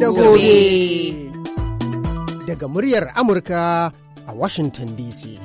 da gobe. Daga muryar Amurka a Washington DC.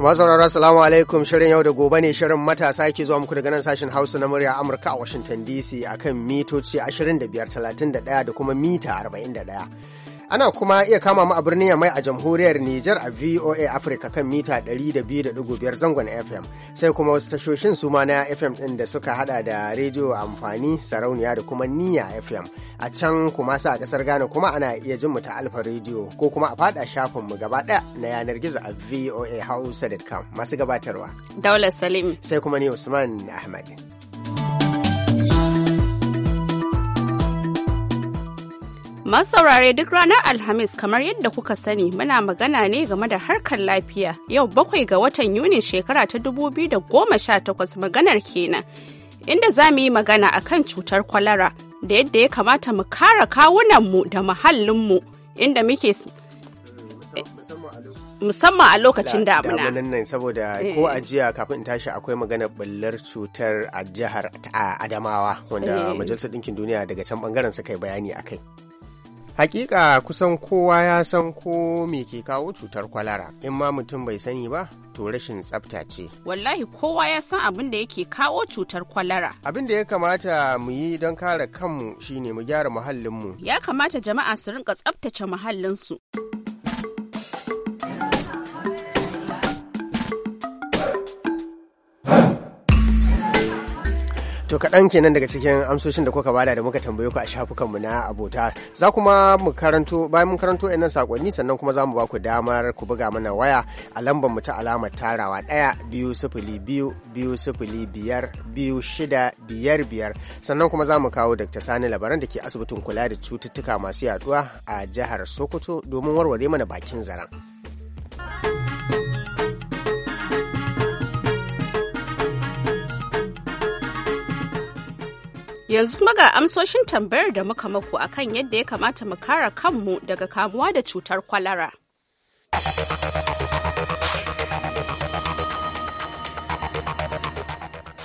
masaurara salamu alaikum shirin yau da gobe ne shirin matasa ke zuwa muku daga nan sashen hausa na murya amurka a washington dc akan mitoci 25 31 da kuma mita 41 Ana kuma iya kama mu a birnin Yamai a jamhuriyar Nijar a VOA Africa kan mita 200.5 zangon FM. Sai kuma wasu tashoshin su ma na FM ɗin da suka hada da rediyo amfani sarauniya da kuma niya FM. A can kuma sa a kasar Ghana kuma ana iya jin mu ta Alfa rediyo ko kuma a fada shafin mu gaba ɗaya na yanar gizo a VOA voahausa.com masu gabatarwa. Daula Salim. Sai kuma ni Usman Ahmad. Masu saurare duk ranar Alhamis kamar yadda kuka sani muna magana ne game da harkar lafiya yau bakwai ga watan yuni shekara ta 2018 maganar kenan. Inda za mu yi magana akan cutar kwalara da yadda ya kamata mu kare kawunanmu da muhallinmu inda muke musamman a lokacin damuna. Damunan nan saboda eh. ko ajiya kafin in tashi akwai magana ballar cutar a jihar Adamawa wanda eh. Majalisar Ɗinkin Duniya daga can bangaren suka yi bayani akai. Hakika kusan kowa ya san ko me ke kawo cutar kwalara, in ma mutum bai sani ba, to rashin tsafta ce. Wallahi kowa ya san abin da yake kawo cutar kwalara. Abin da ya kamata mu yi don kare kanmu shine mu gyara muhallinmu. Ya kamata jama'a su rinka tsaftace muhallinsu. To kaɗan kenan daga cikin amsoshin da kuka bada da muka tambaye ku a shafukanmu na abota. Za kuma mu karanto bayan mun karanto nan sakonni sannan kuma za mu ba ku damar ku buga mana waya a lambar mu ta alamar tarawa ɗaya biyu sifili biyu biyu sifili biyar biyu shida biyar biyar sannan kuma za mu kawo Dr. Sani labaran da ke asibitin kula da cututtuka masu yaduwa a jihar Sokoto domin warware mana bakin zaren. Yanzu kuma ga amsoshin tambayar da muka maku akan yadda ya kamata mu kare kanmu daga kamuwa da cutar kwalara.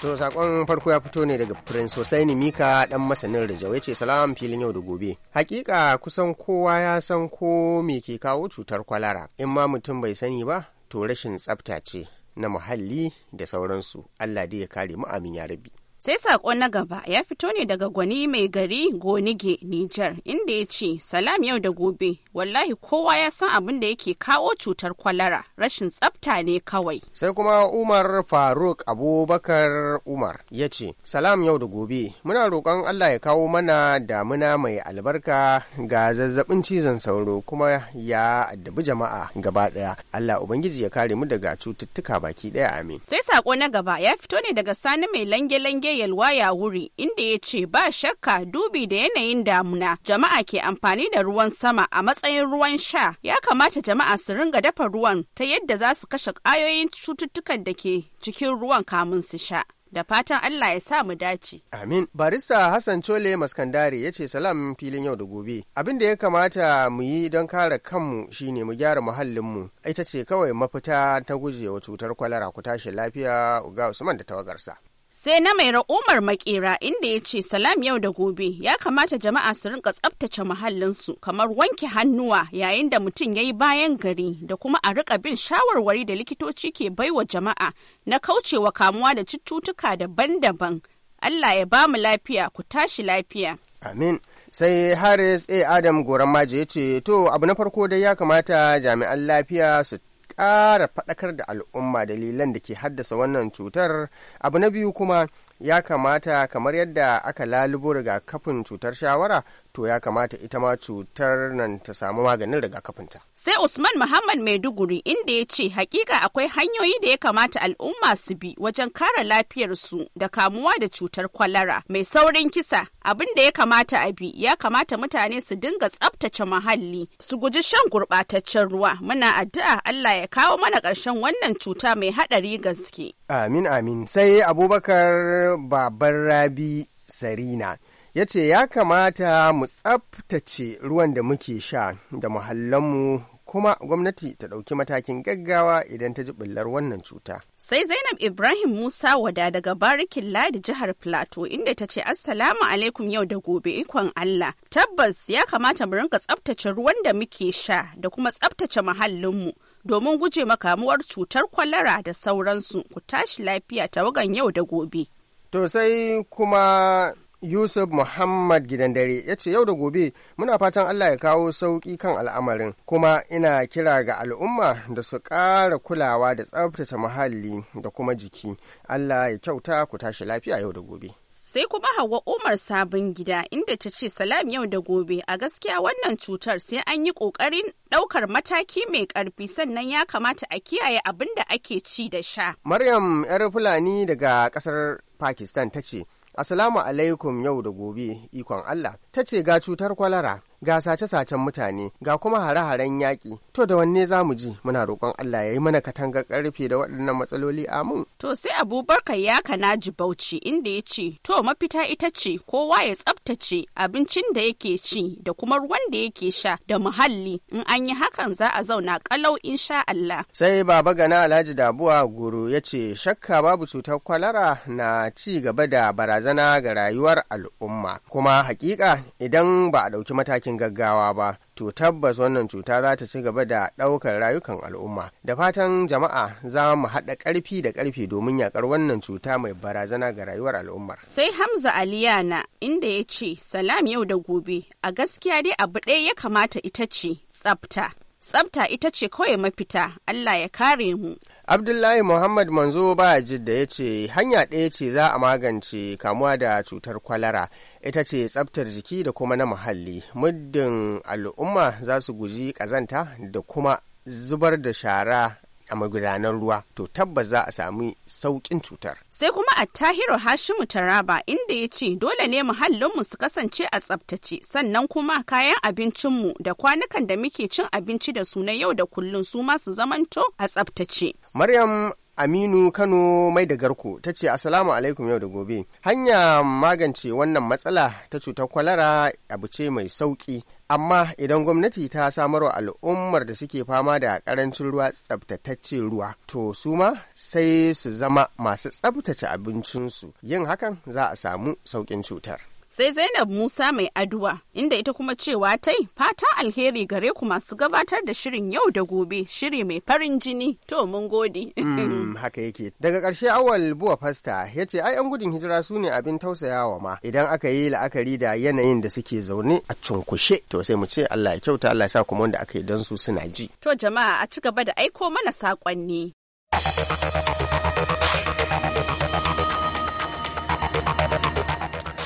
To sakon farko ya fito ne daga Prince Hussaini Mika dan masanin Rijau ya salam filin yau da gobe. Hakika kusan kowa ya san ko me ke kawo cutar kwalara. In ma mutum bai sani ba to rashin tsafta ce na muhalli da sauransu. Allah dai ya kare mu amin ya rabi. Sai sako na gaba ya fito ne daga gwani mai gari Gonige, Nijar, inda ya ce, Salam yau da gobe, wallahi kowa ya san abin da yake kawo cutar kwalara, rashin tsafta ne kawai. Sai kuma Umar Faruk Abubakar Umar ya ce, Salam yau da gobe, muna roƙon Allah ya kawo mana damuna mai albarka ga zazzabin cizon sauro kuma ya addabi jama'a gaba ɗaya. Allah Ubangiji ya kare mu daga cututtuka baki ɗaya amin. Sai sako na gaba ya fito ne daga Sani mai lange-lange yalwa ya wuri inda ya ce ba shakka dubi da yanayin damuna jama'a ke amfani da ruwan sama a matsayin ruwan sha ya kamata jama'a su ringa dafa ruwan ta yadda za su kashe ƙayoyin cututtukan da ke cikin ruwan kamun su sha. da fatan Allah ya sa mu dace. Amin. Barista Hassan Chole Maskandare ya ce salam filin yau da gobe. Abin da ya kamata mu yi don kare kanmu shine mu gyara muhallinmu. Ita ce kawai mafita ta gujewa cutar kwalara ku tashi lafiya Uga Usman da tawagarsa. sai na mai umar makera inda ya ce salam yau da gobe ya kamata jama'a su rinka tsabtace muhallinsu kamar wanke hannuwa yayin da mutum ya yi bayan gari da kuma a rika bin shawarwari da likitoci ke baiwa jama'a na kaucewa kamuwa da cututtuka daban-daban allah ya ba mu lafiya ku tashi lafiya amin sai harris a adam goran ma ya ce to abu na farko dai ya kamata jami'an lafiya su ƙara faɗakar da al'umma dalilan da ke haddasa wannan cutar abu na biyu kuma ya kamata kamar yadda aka lalubo rigakafin cutar shawara to ya kamata ita ma cutar nan ta samu maganin rigakafinta. Sai Usman Muhammad Maiduguri inda ya ce hakika akwai hanyoyi da ya kamata al'umma su bi wajen kare su da kamuwa da cutar kwalara mai saurin kisa abin da ya kamata a bi ya kamata mutane su dinga tsabtace muhalli su guji shan gurɓataccen ruwa muna addu'a Allah ya kawo mana ƙarshen wannan cuta mai haɗari gaske. Amin amin sai abubakar babar rabi sarina ya ce ya kamata mu tsabtace ruwan da muke sha da muhallanmu kuma gwamnati ta ɗauki matakin gaggawa idan ta ji ɓullar wannan cuta. Sai Zainab Ibrahim Musa wada daga barikin ladi jihar Plateau inda ta ce Assalamu alaikum yau da gobe ikon Allah. Tabbas ya kamata mu rinka tsabtace ruwan da muke sha da kuma tsabtace muhallinmu. domin guje kamuwar cutar kwalara da sauransu ku tashi lafiya tawagan yau da gobe. To sai kuma Yusuf Muhammad gidan dare ya ce yau da gobe muna fatan Allah ya kawo sauki kan al'amarin kuma ina kira ga al'umma da su ƙara kulawa da tsabtace muhalli da kuma jiki. Allah ya kyauta ku tashi lafiya yau da gobe. sai kuma hawa umar sabon gida inda ta ce salam yau da gobe a gaskiya wannan cutar sai an yi kokarin daukar mataki mai karfi sannan ya kamata a kiyaye abin da ake ci da sha maryam yar fulani daga kasar pakistan ta ce Asalamu alaikum yau da gobe ikon allah ta ce ga cutar kwalara ga sace-sacen mutane ga kuma hare-haren yaƙi to da wanne za mu ji muna roƙon Allah ya yi mana katanga karfe da waɗannan matsaloli amin to sai abubakar ya kana ji bauchi inda ya ce to mafita ita ce kowa ya tsabtace abincin da yake ci da kuma ruwan da yake sha da muhalli in an yi hakan za a zauna kalau insha Allah sai baba gana Alhaji Dabuwa Goro ya ce shakka babu cutar kwalara na ci gaba da barazana ga rayuwar al'umma kuma hakika idan ba a ɗauki matakin cikin gaggawa ba to tabbas wannan cuta za ta ci gaba da ɗaukar rayukan al'umma da fatan jama'a za mu haɗa ƙarfi da ƙarfi domin yaƙar wannan cuta mai barazana ga rayuwar al'ummar sai hamza aliyana inda ya ce salam yau da gobe a gaskiya dai abu ɗaya ya kamata ita ce tsafta tsafta ita ce kawai mafita Allah ya kare mu. Abdullahi Muhammad Manzo ba jidda ya ce hanya ɗaya ce za a magance kamuwa da cutar kwalara ita ce tsabtar jiki da kuma na muhalli muddin al'umma za su guji kazanta da kuma zubar da shara a magudanar ruwa to tabbas za a sami sauƙin cutar. Sai kuma a Tahiru Hashimu Taraba inda ya ce dole ne muhallinmu su kasance a tsabtace sannan kuma kayan abincinmu da kwanukan da muke cin abinci da su na yau da kullum su ma su zamanto a tsabtace. Maryam Aminu Kano mai da garko ta ce Assalamu alaikum yau da gobe. Hanya magance wannan matsala ta cutar kwalara abu ce mai sauki. Amma idan gwamnati ta samar wa al'ummar da suke fama da karancin ruwa tsabtataccen ruwa, to su ma sai su zama masu tsabtace abincinsu. Yin hakan za a samu sauƙin cutar. sai Zainab Musa mai aduwa inda ita kuma cewa tai fatan alheri gare ku masu gabatar da shirin yau da gobe shiri mai farin jini to mun gode. Mm, haka yake daga ƙarshe awal buwa fasta ya ce ai an gudun hijira su ne abin tausayawa ma idan aka yi la'akari da yanayin da suke zaune a cunkushe to sai mu ce Allah ya kyauta Allah ya sa kuma wanda aka yi don su suna ji. To jama'a a ci gaba da aiko mana saƙonni.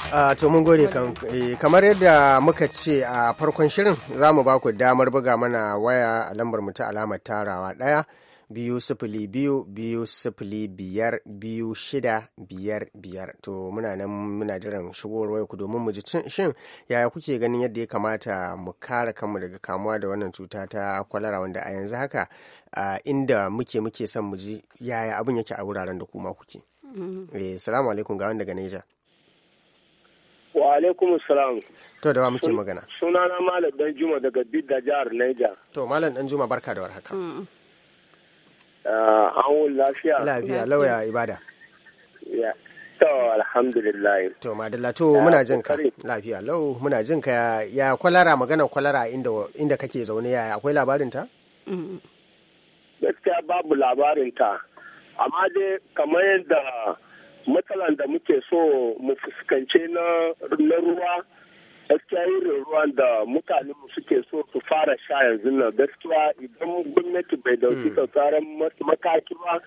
to mun gode eh, kamar yadda muka ce a farkon shirin za mu ba ku damar buga mana waya a lambar mu ta alamar tarawa daya biyu sifili biyu biyu sifili biyar biyu shida biyar biyar to muna nan muna jiran shigowar waya ku domin mu ji shin yaya kuke ganin yadda ya kamata mu kare kanmu daga kamuwa da wannan cuta ta kwalara wanda a yanzu haka inda muke muke son mu ji yaya abin yake a wuraren da kuma kuke. Mm-hmm. Eh, salamu alaikum ga wanda ga Niger. Wa alaikum salam. To da wa muke magana. Sunana Malam Dan Juma daga Bidda jihar naija To Malam Dan Juma barka da warhaka. Mm. Ah, an wun lafiya. Lafiya lauya ibada. To alhamdulillah. To madalla to muna jin ka. Lafiya lau muna jin ka ya kwalara magana kwalara inda inda kake zaune ya akwai labarin ta? Mm. Gaskiya babu labarin ta. Amma dai kamar yadda matsalan da muke so mu fuskance na ruwa gaskiya irin ruwan da mutane suke so su fara sha yanzu na gaskiya idan gwamnati bai dauki hmm. tsauraran mataki ba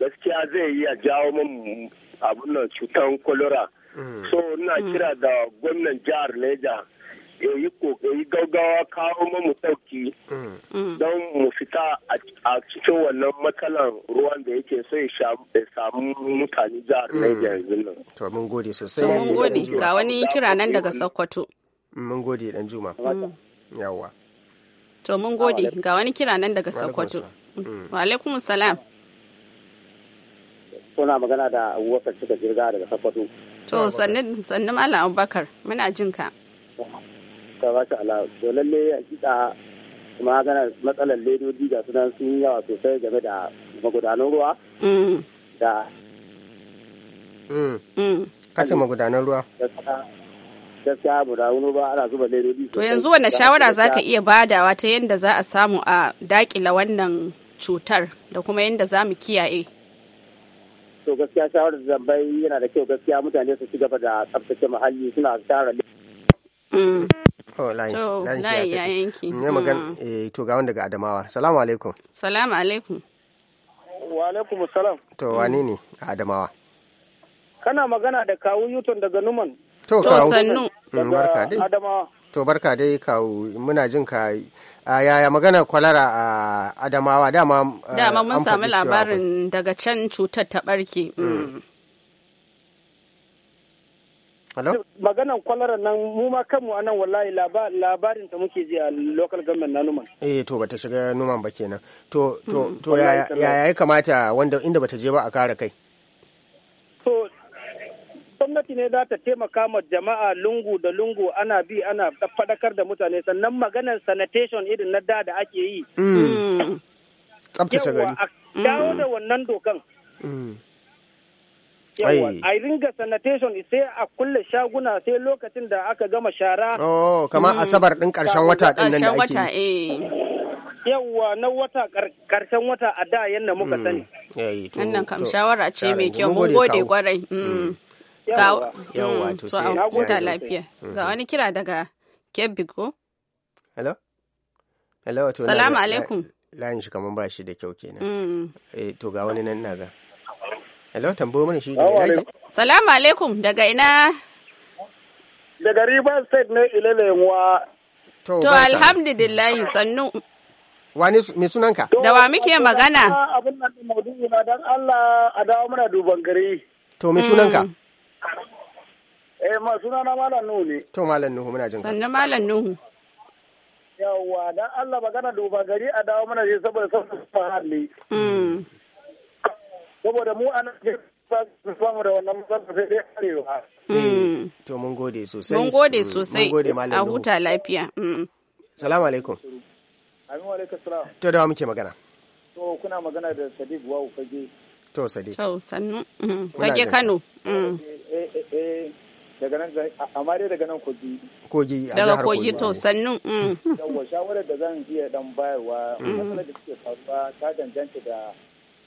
gaskiya zai iya jawo min abun nan cutar kolora hmm. so ina hmm. kira da gwamnan jihar Leja ya yi kokari gaugawa kawo mamu ɗauki mm. don mu fita a cikin wannan matsalar ruwan da yake sai ya samu mutane jihar mm. Niger yanzu nan. To mun gode sosai. Mm, mun gode ga wani kira nan daga Sokoto. Mun gode dan Juma. Yawwa. To mun gode ga wani kira nan daga Sokoto. Wa alaikum salam. Kuna magana da Abubakar cika jirga daga Sokoto. To sannan sannu Malam Abubakar muna jin ka. ta ba shi ala to lalle hakika kuma gana matsalar ledoji ga sunan sun yawa sosai game da magudanan ruwa mm. da mm. mm. kasa magudanan ruwa gaskiya mu magudanan ba ana zuba ledoji to yanzu wanda shawara za ka iya badawa ta yadda za a samu a dakila wannan cutar da kuma yadda za mu kiyaye to gaskiya shawarar zambai yana da kyau gaskiya mutane su ci gaba da tsabtace muhalli suna tara Oh, line to layi ya yanki ne hmm. eh, to ga daga Adamawa salamu alaikum salamu alaikum wa alaikum salam to wani ne a Adamawa kana magana da kawu Yuton daga Numan to kawu sannu hmm, barka dai Adamawa to barka dai kawu muna jin ka yaya magana kwalara a Adamawa dama eh, dama mun samu labarin daga can cutar ta barke hmm. maganan kwalara nan mu ma kanmu anan wallahi labarin ta muke ji a local government na numan eh to bata shiga numan ba kenan to to hmm, to ya ya kamata wanda inda bata je ba a kare kai to gwamnati ne za ta taimaka ma jama'a lungu da lungu ana bi ana faɗakar da mutane sannan maganan sanitation irin na da da ake yi hmm. Hmm. tsabtace gari a dawo da wannan dokan yawa a ringa sanitation sai a kulle shaguna sai lokacin da aka gama shara oh kamar mm. asabar din karshen wata din nan da ake eh. yawa na wata karshen wata a da yanda muka mm. sani. Wannan kam shawara ce mai kyau mun gode kwarai. Mm. Yawwa to sai lafiya. Ga wani kira daga Kebbi ko? Hello? Hello to Salamu alaikum. Layin shi kaman ba shi da kyau kenan. Eh to ga wani nan na ga. Hello, tambo mana shi daga ina Salamu alaikum daga ina? Daga Rivers State ne Ilelewa. To, to alhamdulillahi sannu. Wani mai sunanka? Da wa muke magana? Abin nan da maudu'i na dan Allah a dawo mana duban gari. To, mai sunanka? Mm. Eh, ma sunana Malam Nuhu ne. To, Malam Nuhu muna jin. Sannu Malam Nuhu. Yawwa, dan Allah magana duban gari a dawo mana je saboda sabbin muhalli. Mm. saboda mu a samu da wannan matsalar sai dai arewa. Mm. Eh, to mun gode sosai. Mun gode mm, sosai. Mun gode malam A huta lafiya. Mm. Salamu alaikum. Amin wa alaikum salam. To da muke magana. To kuna magana da Sadiq Wawu Fage. To Sadiq. To sannu. Fage Kano. Eh, eh, daga nan amma dai daga nan kogi kogi a daga kogi to sannu yawwa shawarar da zan iya dan bayarwa matsalar da suke faruwa ta danganta da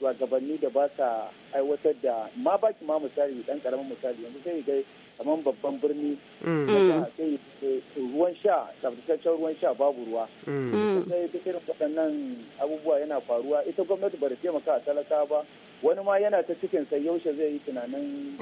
shugabanni da ba sa aiwatar da ma ba ki ma misali dan karamin misali yanzu sai ga kamar babban birni mm. Mm. sai ruwan sha tsabtataccen ruwan sha babu ruwa mm. sai duk irin waɗannan abubuwa yana faruwa ita gwamnati ba da taimaka a talaka ba wani ma yana ta cikin sai yaushe zai yi tunanin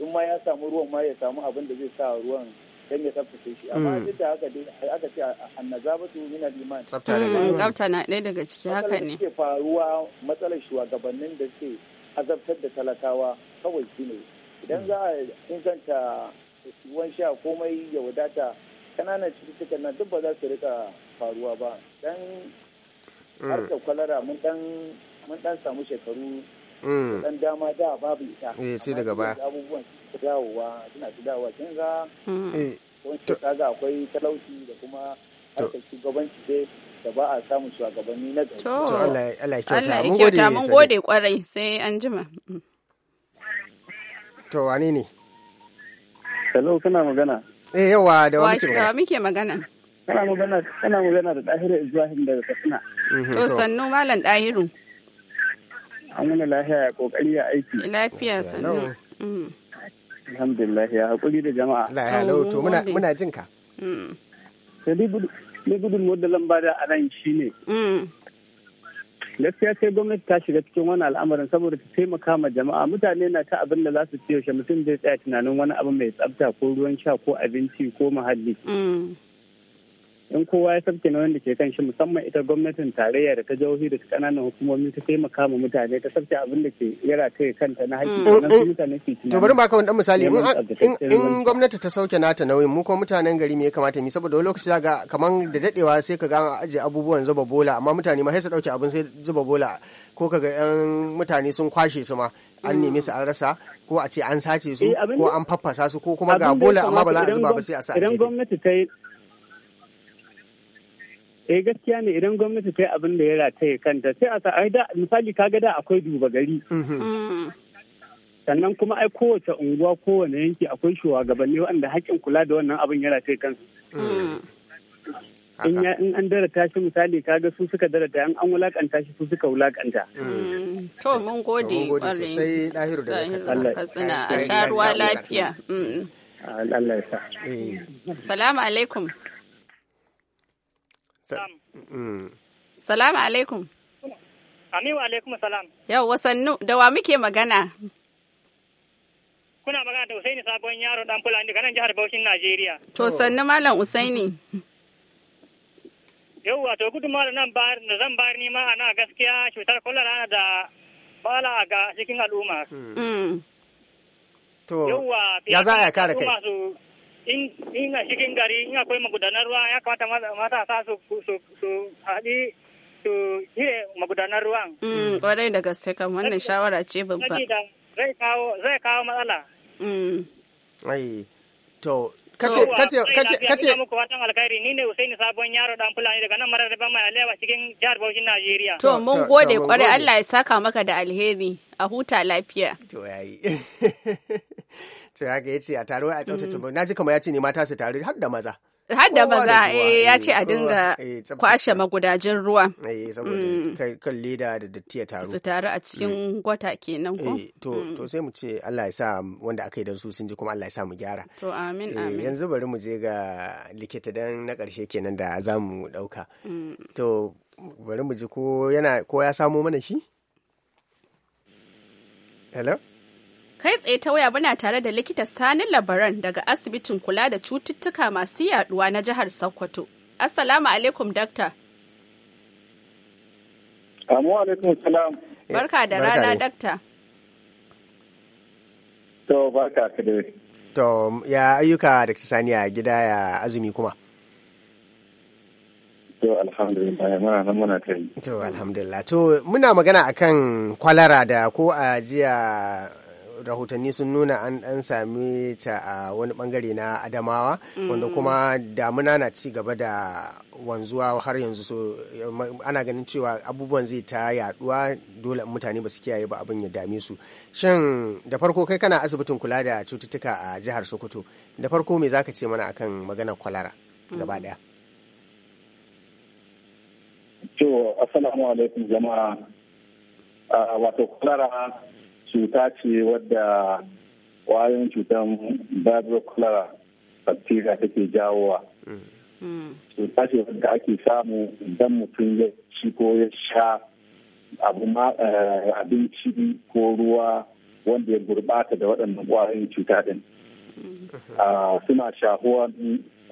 in ma ya samu ruwan ma ya samu abin da zai sa ruwan dan ya tsabtace shi amma mm. duk da haka dai aka ce annazabatu min al-iman tsabta mm, ne tsabta na ɗaya daga ciki haka ne ke faruwa matsalar shugabannin da ke azabtar da talakawa kawai ne idan za a inganta ruwan sha komai ya wadata kananan cututtuka nan duk ba za su rika faruwa ba dan mm. harka kwalara mun dan mun dan samu shekaru dan dama da babu ita eh sai daga baya abubuwan dawowa suna mm. eh, da kuma harkar shugabanci da ba a shugabanni na gari. To Allah ya kyauta mun gode kwarai sai an jima. Mm. To wani ne? Hello kana magana? Eh yawa da wani magana. Wa muke magana? Kana magana da Dahiru Ibrahim daga Katsina. Mhm, to sannu Malam Dahiru. An wani lafiya ya kokari ya aiki. Lafiya sannu. Alhamdulillah ya haƙuri da jama'a. Na ya muna jin ka. Mm. Sai gudun da lamba da a nan shi ne. Mm. Gaskiya sai gwamnati ta shiga cikin wani al'amarin saboda ta taimaka ma jama'a mutane na ta abin da za su ce yaushe mutum zai tsaya tunanin wani abu mai tsabta ko ruwan sha ko abinci ko muhalli. Mm. in kowa ya sabke na wanda ke kan shi musamman ita gwamnatin tarayya da ta jihohi da ta kananan hukumomi ta taimaka ma mutane ta sabke abin da ke yara ta kanta na haƙƙi na mutane ke to bari ka wani dan misali in gwamnati ta sauke nata nauyin mu ko mutanen gari me ya kamata mi saboda wani lokaci ga kaman da dadewa sai ka ga aje abubuwan zuba bola amma mutane ma sai su dauke abin sai zuba bola ko kaga yan mutane sun kwashe su ma an nemi su an rasa ko a ce an sace su eh, ko an faffasa su ko kuma ga bola amma ba za a zuba ba sai a sa idan gwamnati ta eh gaskiya ne idan gwamnati ta yi abin da ya rataye kanta sai a sa ai da misali kaga da akwai duba gari mm-hmm. mm. sannan kuma ai kowace unguwa kowane yanki akwai shugabanni wanda haƙƙin kula da wannan abin ya rataye kansu mm. in ya in an darata shi misali kaga su suka darata in an wulakanta shi su suka wulakanta mm. to mun gode sai dahiru da katsina a lafiya Allah ya sa eh. salamu alaikum Mm. Salamu alaikum. Amin wa alaikum salam. Yau wasannu da wa muke magana? Kuna magana da Usaini sabon yaro dan Fulani kanan jihar Bauchin Najeriya. To oh. sannu Malam Usaini. Yau wato gudunmawa da nan bayar da zan bayar nima ana gaskiya cutar kwalara da bala ga cikin al'umma. Hmm. Mm. wa, ya za a kare kai. in a cikin gari in akwai magudanar ruwa ya kamata sa su haɗi su cire magudanar ruwan. Kwarai mm, da gaske kan wannan shawara ce babba. Zai kawo matsala. Mm. Ai, to kace kace kace kace ina muku fatan alkhairi ni ne Usaini sabon yaro dan fulani daga nan mararraba mai alewa cikin jihar Bauchi Najeriya to mun gode kwarai Allah ya saka maka da alheri a huta lafiya to yayi sai ya ce a taro a tsaftace mm. na ji kamar ya ce ne mata su taro har da maza har da maza eh, ya ce a eh, dinga eh, kwashe magudajen ruwa eh saboda mm. kan leda da datti ya taru su taru a cikin mm. gwata kenan ko to sai mu ce Allah ya sa wanda aka yi don su sun ji kuma Allah ya sa mu gyara to amin amin yanzu bari mu je ga likita dan na karshe kenan da za mu dauka to bari mu ji ko ko ya samo mana shi hello kai tsaye ta waya muna tare da likita sani labaran daga asibitin kula da cututtuka masu yaduwa na jihar sokoto assalamu alaikum dakta Amu alaikum salam. Eh, barka da rana dakta. To barka ka dai. To ya ayyuka da sani a gida ya azumi kuma? To alhamdulillah muna To alhamdulillah. To muna magana akan kwalara da ko a jiya rahotanni sun nuna an dan sami ta a wani bangare na adamawa wanda mm. kuma damuna na ci gaba da wanzuwa har yanzu so ana ganin cewa abubuwan zai ta yaduwa dole mutane ba su kiyaye ba abin ya dame su shin da farko kai kana asibitin kula da cututtuka a jihar sokoto da farko me zaka ce mana akan maganar kwalara gaba daya mm. to assalamu alaikum jama'a ah, wato kwalara cuta ce wadda kwayoyin cutar barbaculara bacteria take jawowa hmm. cuta ce wadda ake samu idan mutum ya ci ko ya sha eh, abinci ko ruwa wanda ya gurbata da waɗannan kwayoyin cuta din hmm. ah, suna shahuwa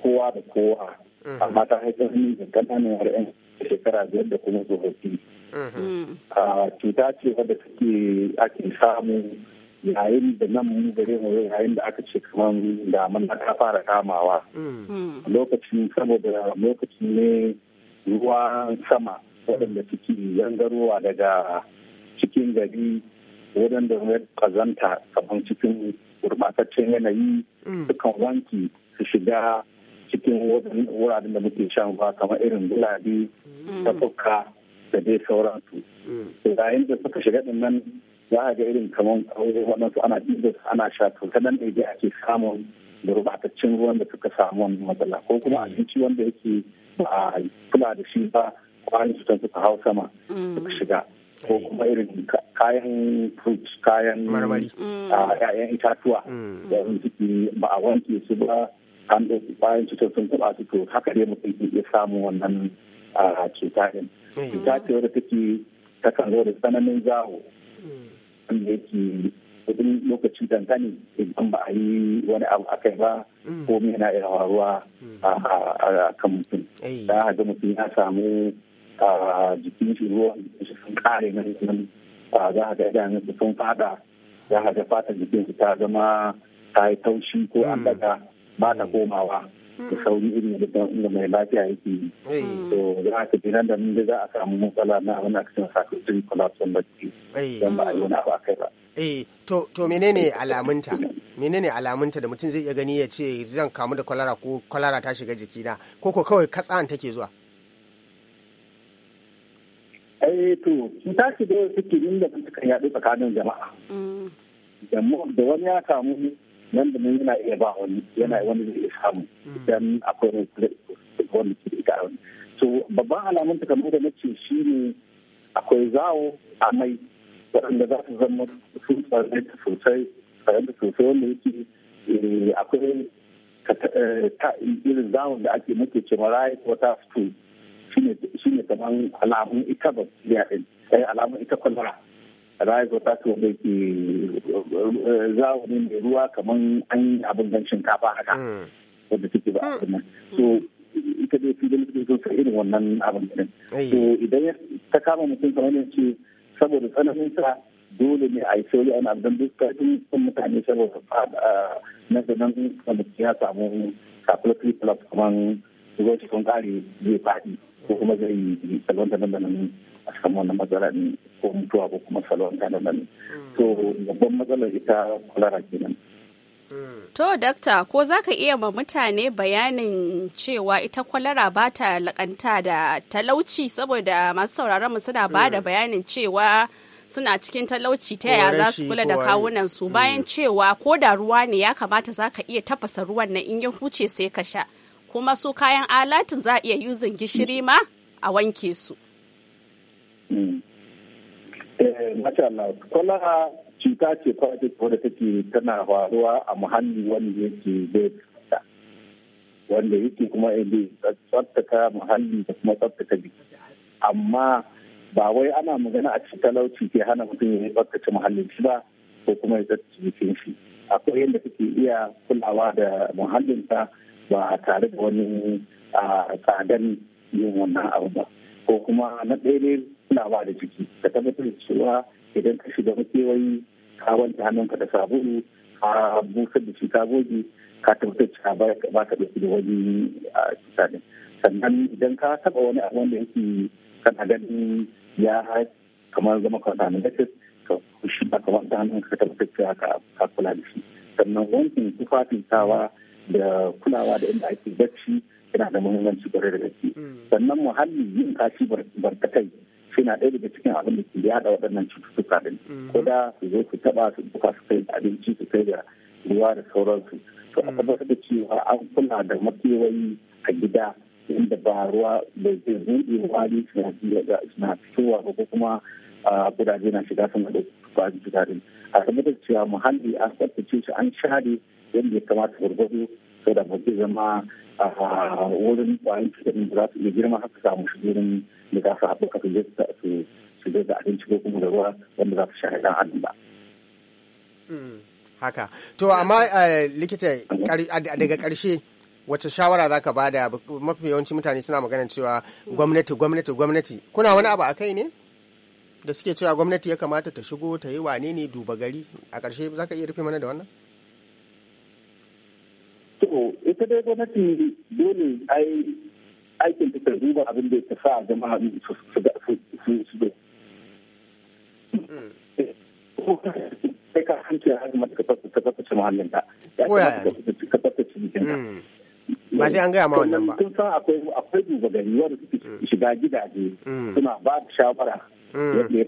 kowa da kowa hmm. amma ta haifar da ƙananan 'yan shekara biyar da kuma tsofaffi Mm-hmm. Ah, cuta ce wadda take ake samu yayin da nan mu gare mu yayin da aka ce kamar mun ta fara kamawa mm-hmm. lokacin saboda lokacin ne ruwa sama wadanda suke yangarowa daga cikin gari waɗanda ya kazanta kamar cikin gurbataccen yanayi mm. sukan wanki su shiga cikin wuraren da muke shan ruwa kamar irin da mm. tafuka da dai sauransu. Yayin mm. da suka shiga din nan za a ga irin kamar kawai waɗansu ana ana sha to ta nan ɗaya ake samun gurbataccen ruwan da suka samu wannan matsala ko kuma mm. abinci wanda yake a kula da shi ba su cutar suka hau sama mm. suka shiga ko kuma irin kayan fruit kayan ah, ya'yan itatuwa da ciki ba a wanke su ba an da bayan cutar sun taɓa su to haka dai mutum iya samun wannan a cuta din mm. cuta ce wadda take takan zo da tsananin zawo mm. wanda yake kudin lokacin dangane idan ba a yi wani abu a kai ba mm. ko na iya faruwa a kan mutum da haka mutum ya samu jikin shi ruwan shi sun kare nan nan za a ga idanun su sun fada za a ga jikin su ta zama ta yi taushi ko an daga ba ta komawa da sauri irin da mai lafiya yake yi to eh. za ka ce nan da nan da za a samu matsala na wani aksin sakatun collapse on bacci eh. don ba a yi wani abu a kai ba eh to to menene alamunta menene alamunta da mutum zai iya gani ya ce zan kamu da kwalara ko kwalara ta shiga jikina ko ko kawai katsan take zuwa eh to cuta ce da suke inda suka yaɗu tsakanin jama'a mm. da wani ya kamu nan da nan yana iya ba wani yana wani zai iya samu idan hmm. akwai wani wanda ke ita so babban alamun ta kamar da nace shi ne akwai zawo a mai waɗanda za su zama sun ta sosai tsaranta sosai wanda yake eh, akwai eh, irin zawon da ake muke cewa ko ta fito shi ne kamar alamun ita ba ɗin eh, alamun ita kwallara rice tato eh, da ke zawunin mai ruwa kamar an yi abin gan shinkafa haka mm. wanda take ba mm. abin nan so ita dai filin da zo ta irin wannan abin nan so idan ta kama mutum kamar ne ce saboda tsananin sa dole ne a yi sauri ana abin duka sun mutane saboda eh, na da nan ya samu kafin kamar gwamnati cikin kare zai faɗi ko kuma zai yi salon da nan a cikin wannan matsala ne ko mutuwa ko kuma salon da nan so babban matsalar ita kwalara kenan To, dakta, ko za ka iya ma mutane bayanin cewa ita kwalara ba ta lakanta da talauci saboda masu sauraron mu suna ba da mm. bayanin cewa suna cikin talauci ta yaya za su kula da kawunan su bayan mm. cewa ko da ruwa ne ya kamata za ka iya tafasa ruwan nan in ya huce sai ka sha. kuma su kayan alatin za a iya yuzin gishiri ma a wanke su. Hmm. Eh, masha cuta ce project wadda take tana faruwa a muhalli wanda yake bai tsafta wanda yake kuma eh, bai tsaftaka muhalli da kuma tsaftaka biki amma ba wai ana magana a cikin talauci ke hana mutum ya yi tsaftace muhallin shi ba ko kuma ya tsaftace jikin shi akwai yadda kake iya kulawa da muhallinta ba tare da wani tsadan yin wannan abu ba ko kuma na ɗaya ne ba da jiki ka tabbatar cewa idan ka shiga makewayi ka wanke hannunka da sabulu ka busar da shi ka goge ka tabbatar cewa ba ka ɗauki da wani cuta ne sannan idan ka taɓa wani abu wanda yake kana ganin ya kamar zama contaminated ka shi ba ka wanke hannunka ka tabbatar cewa ka kula da shi sannan wankin tufafin sawa da kulawa da inda ake bacci yana da muhimmanci kwarai da gaske hmm. sannan muhalli yin kashi barkatai suna ɗaya daga cikin abin da ke yada waɗannan cututtuka din hmm. ko da su zo su taɓa su buka su kai abinci su kai da ruwa da sauransu to a hmm. tabbatar da cewa an kula da makewayi a gida inda ba ruwa da zai buɗe ne suna fitowa ba ko kuma gudaje na shiga sama da kwayan din a tabbatar cewa muhalli an tsaftace shi an share yadda ya kamata gwargwado sau da bugi zama a wurin kwayan cikin da za su iya girma haka samu shi wurin da za su a su je su da abinci ko kuma da ruwa wanda za su sha ɗan ba. Hmm, haka. To amma eh, likita daga karshe wace shawara za ka da mafi yawanci mutane suna magana cewa gwamnati gwamnati gwamnati kuna wani abu a kai ne da suke cewa gwamnati ya kamata ta shigo ta yi wane ne duba gari a ƙarshe za ka iya rufe mana da wannan? To, ita dai gwamnati dole ai aikin ta duba abin da ta sa jama'a su su ga su su su Sai ka hanci hmm. an gaya ma wannan ba. san akwai akwai duba gari wanda suke hmm. shiga gidaje hmm. suna ba da shawara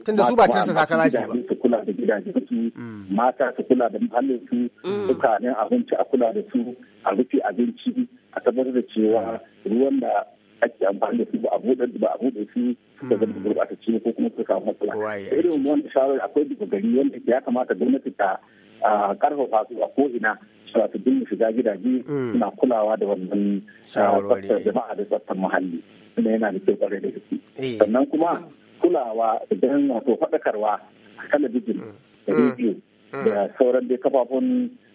tunda su ba tursa saka za ba su kula da gidaje su mm. mata su kula da muhallin su mm. dukkanin abinci a kula da su a rufe abinci a tabbatar da cewa ruwan da ake amfani da su ba a buɗe ba a buɗe su da zama mm. gurɓatacce ko kuma su samu matsala irin wanda shawarar akwai duka gari wanda ya kamata gwamnati ta karfafa su a ko'ina suna su dinga shiga gidaje suna kulawa da wannan tsaftar jama'a da tsaftar muhalli kuma yana da kyau ƙwarai da gaske eh. sannan kuma kulawa don wato faɗakarwa a talabijin da mm. rediyo mm. da sauran dai kafafun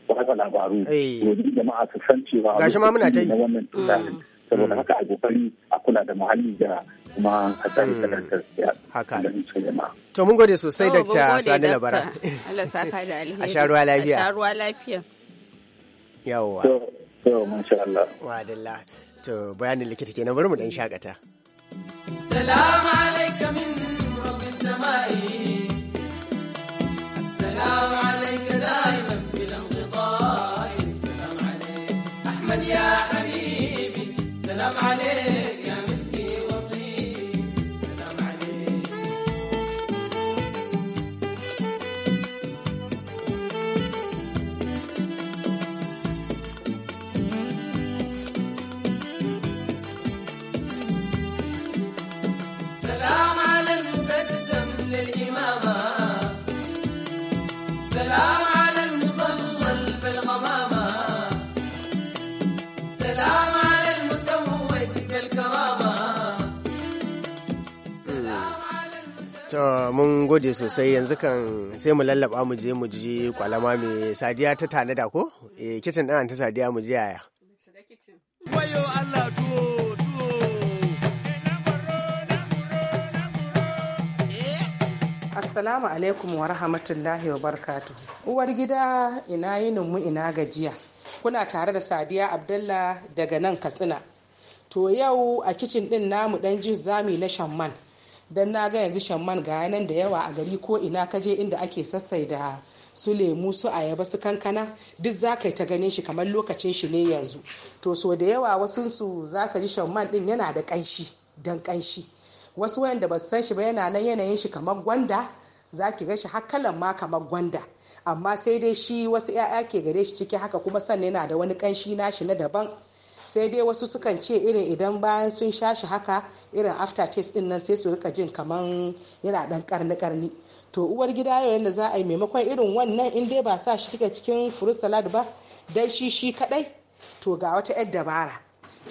watsa labaru domin jama'a su san cewa a ma muna ta yi wannan mm. saboda haka a kokari a kula da muhalli da kuma a tsari talantar haka to mun gode sosai oh, ta sani labara Allah ka da alheri a sha ruwa lafiya a sha ruwa lafiya yawwa to to masha Allah wa to bayanin likita kenan bari mu dan shakata salama mun gode sosai yanzu kan sai mu lallaba mu je mu ji kwalama mai sadiya ta tanada ko? Eh kitchen an ta sadiya mu ji yaya. Assalamu alaikum wa rahmatullahi wa Uwar gida ina yinin mu ina gajiya. Kuna tare da Sadiya Abdallah daga nan Katsina. To yau a kicin ɗin namu ɗan ji zami na shamman. don na ga yanzu shan man ga nan da yawa a gari ko ina ka je inda ake sassai da su lemu su ayaba su kankana duk za ka yi ta ganin shi kamar lokacin shi ne yanzu to so da yawa wasunsu za ka ji man din yana da kanshi don kanshi wasu wayanda ba san shi ba yana nan yanayin shi kamar gwanda za ki ga shi hakalan ma kamar gwanda amma sai dai shi wasu 'ya'ya ke gare shi ciki haka kuma sannan yana da wani kanshi nashi na daban sai dai wasu sukan ce irin idan bayan sun sha shi haka irin after taste din nan sai su rika jin kaman yana dan karni karni to uwar gida yau yanda za a yi maimakon irin wannan in dai ba sa shi kika cikin fruit salad ba dan shi shi kadai to ga wata yar dabara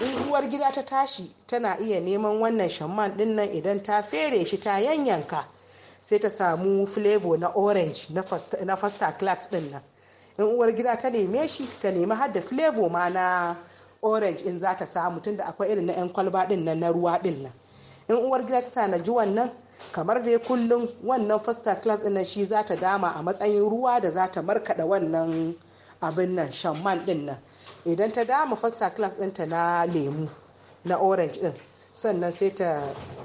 in uwar gida ta tashi tana iya neman wannan shamman din nan idan ta fere shi ta yanyanka sai ta samu flavor na orange na first class din nan in uwar gida ta neme shi ta nemi har da flavor ma na orange in za ta samu tunda akwai irin na 'yan kwalba din nan na ruwa din nan in uwar gida ta tanaji wannan kamar dai kullum wannan first class din shi za ta dama a matsayin ruwa da za ta markaɗa wannan abin nan shamman din nan idan ta dama first class ɗinta na lemu na orange din sannan sai ta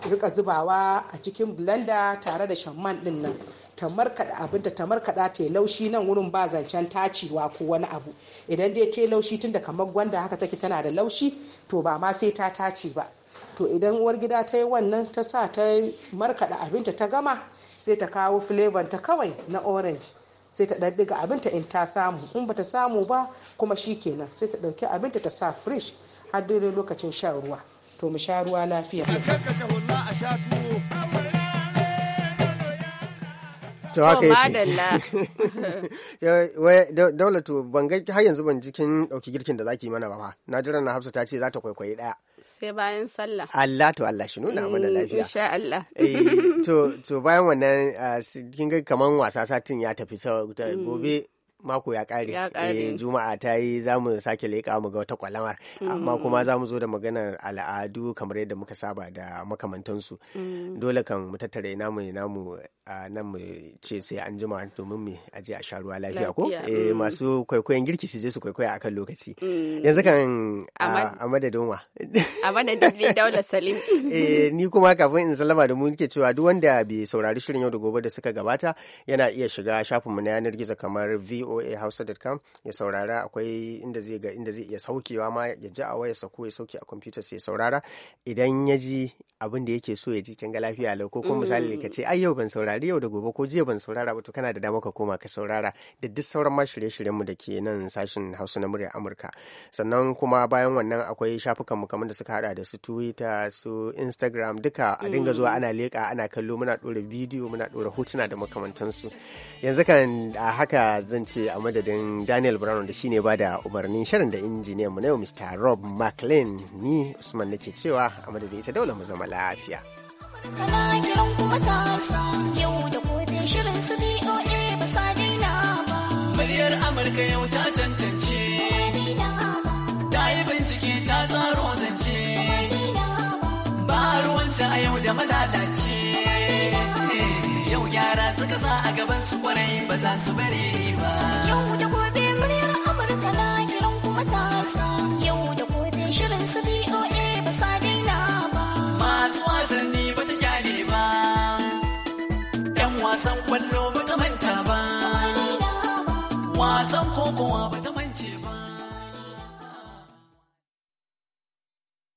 rika zubawa a cikin blender tare da shamman din nan ta markaɗa abinta ta markaɗa ta laushi nan wurin ba zancen tacewa ko wani abu idan dai ta yi laushi tun da kamar gwanda haka take tana da laushi to ba ma sai ta tace ba to idan uwar gida ta yi wannan ta sa ta markaɗa abinta ta gama sai ta kawo flavor ta kawai na orange sai ta ɗaɗɗiga abinta in ta samu in ba ta samu ba kuma shi kenan sai ta ɗauki abinta ta sa fresh har daidai lokacin shan ruwa to mu sha ruwa lafiya. to haka yake daulatu ban ga har yanzu ban jikin dauki girkin da zaki mana ba fa na jira na hafsa ta ce za ta kwaikwayi daya sai bayan sallah Allah to Allah shi nuna mana eh, lafiya insha Allah eh, to to bayan wannan ah, kin ga kaman wasa satin ya tafi mm. gobe mako ya kare eh, juma'a ta yi za mu sake leƙa mu ga wata kwalamar amma mm. kuma za mu zo da maganar al'adu kamar yadda muka saba da makamantansu mm. dole kan mu tattare mu namu nan mu ce sai an jima domin mu aje a sha ruwa lafiya ko eh, mm. masu kwaikwayon girki su je su kwaikwaya akan lokaci yanzu kan a madadin wa a madadin daular salim eh, ni kuma kafin in sallama da mu nake cewa duk wanda bai saurari shirin yau da gobe da suka gabata yana iya shiga shafinmu na yanar gizo kamar V. voahausa.com ya saurara akwai inda zai ga inda zai iya saukewa ma ya ji a wayarsa ko ya sauke a kwamfutar sai saurara idan ya ji abin da yake so ya ji kin ga lafiya lau ko kuma misali ka ce ai yau ban saurari yau da gobe ko jiya ban saurara ba to kana da dama ka koma ka saurara da duk sauran ma shirye-shiryen mu da ke nan sashin Hausa na murya Amurka sannan kuma bayan wannan akwai shafukan mu kamar da suka hada da su Twitter su Instagram duka a dinga zuwa ana leka ana kallo muna dora bidiyo muna dora hotuna da makamantansu yanzu kan a haka zan ce nake a madadin Daniel Brown da shine bada umarnin shirin da injiniyan mu na yau Mr. Rob McLean ni Usman nake cewa a madadin ita daula mu zama lafiya. Kana ta yau da gobe shirin su BOA ba ba. Muryar Amurka yau ta tantance. Ta yi bincike ta tsaro zance. Ba ruwanta a yau da malalace. yau yara suka sa a gaban su kwarai ba za su bare ba yau da gobe muryar amurka na kiran kuma tasa yau da gobe shirin su BOA ba sa daina ba masu wasanni ba ta kyale ba yan wasan kwallo